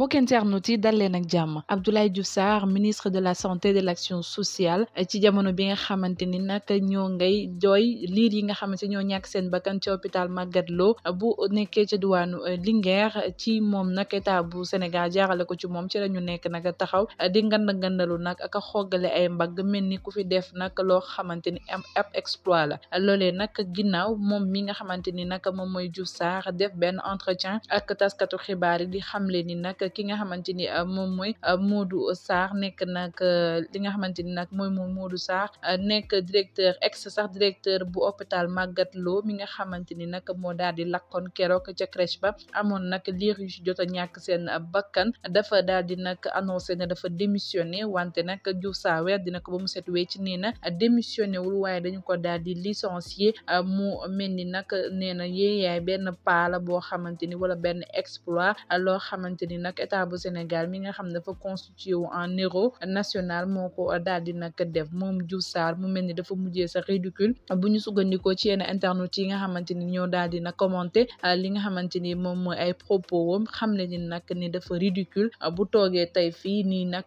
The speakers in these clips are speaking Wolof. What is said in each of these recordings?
mbokk internautes yi dal leen ak jàmm Abdoulaye Diouf Sarr ministre de la santé de l' action sociale ci jamono bi nga xamante ni nag ñoo ngay jooy liir yi nga xamante ñoo ñàkk seen bakkan ci hôpital Magatte Lô bu nekkee ca duwaanu euh, Linguère ci moom nag état bu Sénégal jaarale ko ci moom ci la ñu nekk nag taxaw euh, di ngand ngandalu nag ak a ay mbagg mel ni ku fi def nag loo xamante ni am ab exploit la loolee nag ginnaaw moom mi nga xamante ni nag moom mooy Diouf Sarr def benn entretien ki nga xamante ni euh, moom mooy euh, Modou Sarr nekk nag euh, li nga xamante ni nag mooy moom Modou Sarr nekk directeur ex sax directeur bu hôpital Magatte Lô mi nga xamante ni nag moo daal di lakkoon keroog ca crèche ba amoon nag liir yu si jot a ñàkk seen bakkan dafa daal di nag annoncé ne dafa démissionné wante nag Diouf Sarr weer dina ko ba mu set wecc nee na démissionné wul waaye dañu ko daal di licencié mu mel ni nag nee na yéeyaay benn paala boo xamante ni wala benn exploit loo xamante ni état bu Sénégal mi nga xam ne dafa constitué wu en héros national moo ko daal di nag def moom Diouf Sarr mu mel ni dafa mujjee sax ridicule bu ñu sukkandikoo ci yenn internet yi nga xamante ni ñoo daal di na commenté euh, li nga xamante ni moom mooy ay propos wam xam ne ni nag ni dafa ridicule bu toogee tey fii nii nag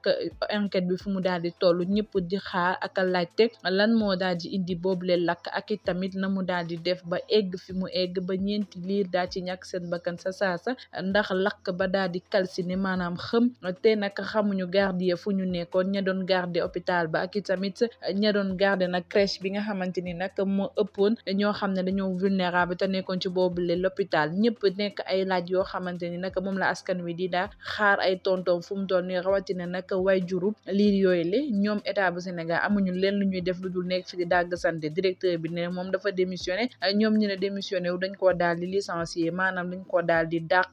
enquête bi fu mu daal di toll ñëpp di xaar ak a laajte lan moo daal di indi boobule lakk ak i tamit na mu daal di def ba egg fi mu egg ba ñeenti liir daal ci ñàkk seen bakkan sa saasa ndax lakk ba daal kalsi ni maanaam xëm te nag xamuñu gardien fu ñu nekkoon ña doon garder hôpital ba ak itamit ña doon garder na crèche bi nga xamante ni nag moo ëppoon ñoo xam ne dañoo vulnérable te nekkoon ci boobu le l'hôpital ñëpp nekk ay laaj yoo xamante ni nag moom la askan wi di daa xaar ay tontoom fu mu doon ni rawatina nag way jurub liir yooyu le ñoom état bu Sénégal amuñu leen lu ñuy def lu dul nekk fi di dàgg santé directeur bi ne moom dafa démissionné ñoom ñu ne démissionné wu dañ koo daal di licencier maanaam dañ koo daal di dàq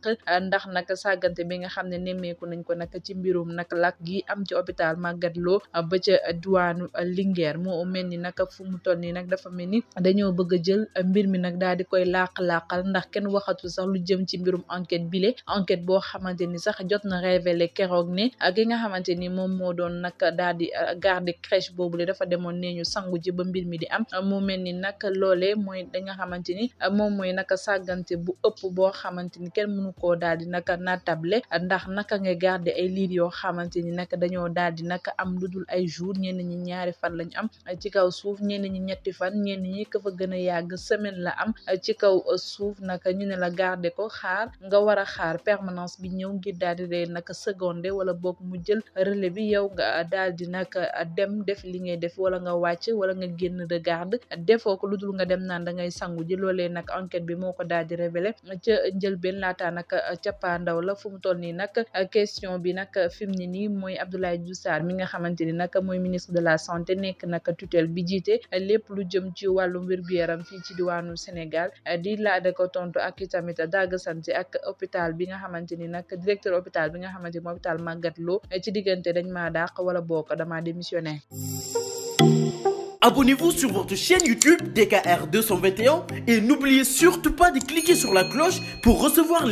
ndax nag sàggante bi xam ne nemmeeku nañ ko nag ci mbirum nag lakk gi am ci hôpital Magatte Lô ah, ba ca ah, diwaanu ah, Linguère moo mel ni nag fu mu toll nii nag dafa mel ni dañoo bëgg a jël mbir mi nag daal di koy laq-laqal ndax kenn waxatu sax lu jëm ci mbirum enquête bile enquête boo xamante ni sax jot na révélé keroog ne ki nga xamante ni moom moo doon nag daal di garder crèche boobu le dafa demoon nee ñu sangu ji ba mi di am mu mel ni nag loolee mooy da ni moom mooy nag sàggante bu ëpp boo xamante ni kenn mënu koo daal di nag ndax naka nga garder ay liir yoo xamante ni naka dañoo daal di naka am lu dul ay jour ñenn ñi ñaari fan lañ am ci kaw suuf ñenn ñi ñetti fan ñenn ñi ka fa gën a yàgg semaine la am ci kaw uh, suuf naka ñu ne la garder ko xaar nga war a xaar permanence bi ñëw ngir daal di leen naka seconde wala boog mu jël relais bi yow nga uh, daal di naka uh, dem def li ngay def wala nga wàcc wala nga génn de garde defoo ko lu dul nga dem naan da ngay sangu ji loolee nag enquête bi moo ko daal di révélé ca njëlbeen laataa naka cappaandaw la nag euh, question bi nag euh, fi mu ne nii mooy Abdoulaye Diouf Sarr mi nga xamante ni nag mooy ministre de la santé nekk nag tutelle bi jiite lépp lu jëm ci wàllum wir gu yaram fii ci diwaanu Sénégal euh, di de ko tontu ak itamit dagg santé ak hôpital bi nga xamante ni nag directeur hôpital bi nga xamante ni mooy hôpital Magatte Lô ci diggante dañ maa dàq wala bokk damaa démissionné. Abonnez-vous sur votre chaîne YouTube DKR et n'oubliez surtout pas de cliquer sur la pour recevoir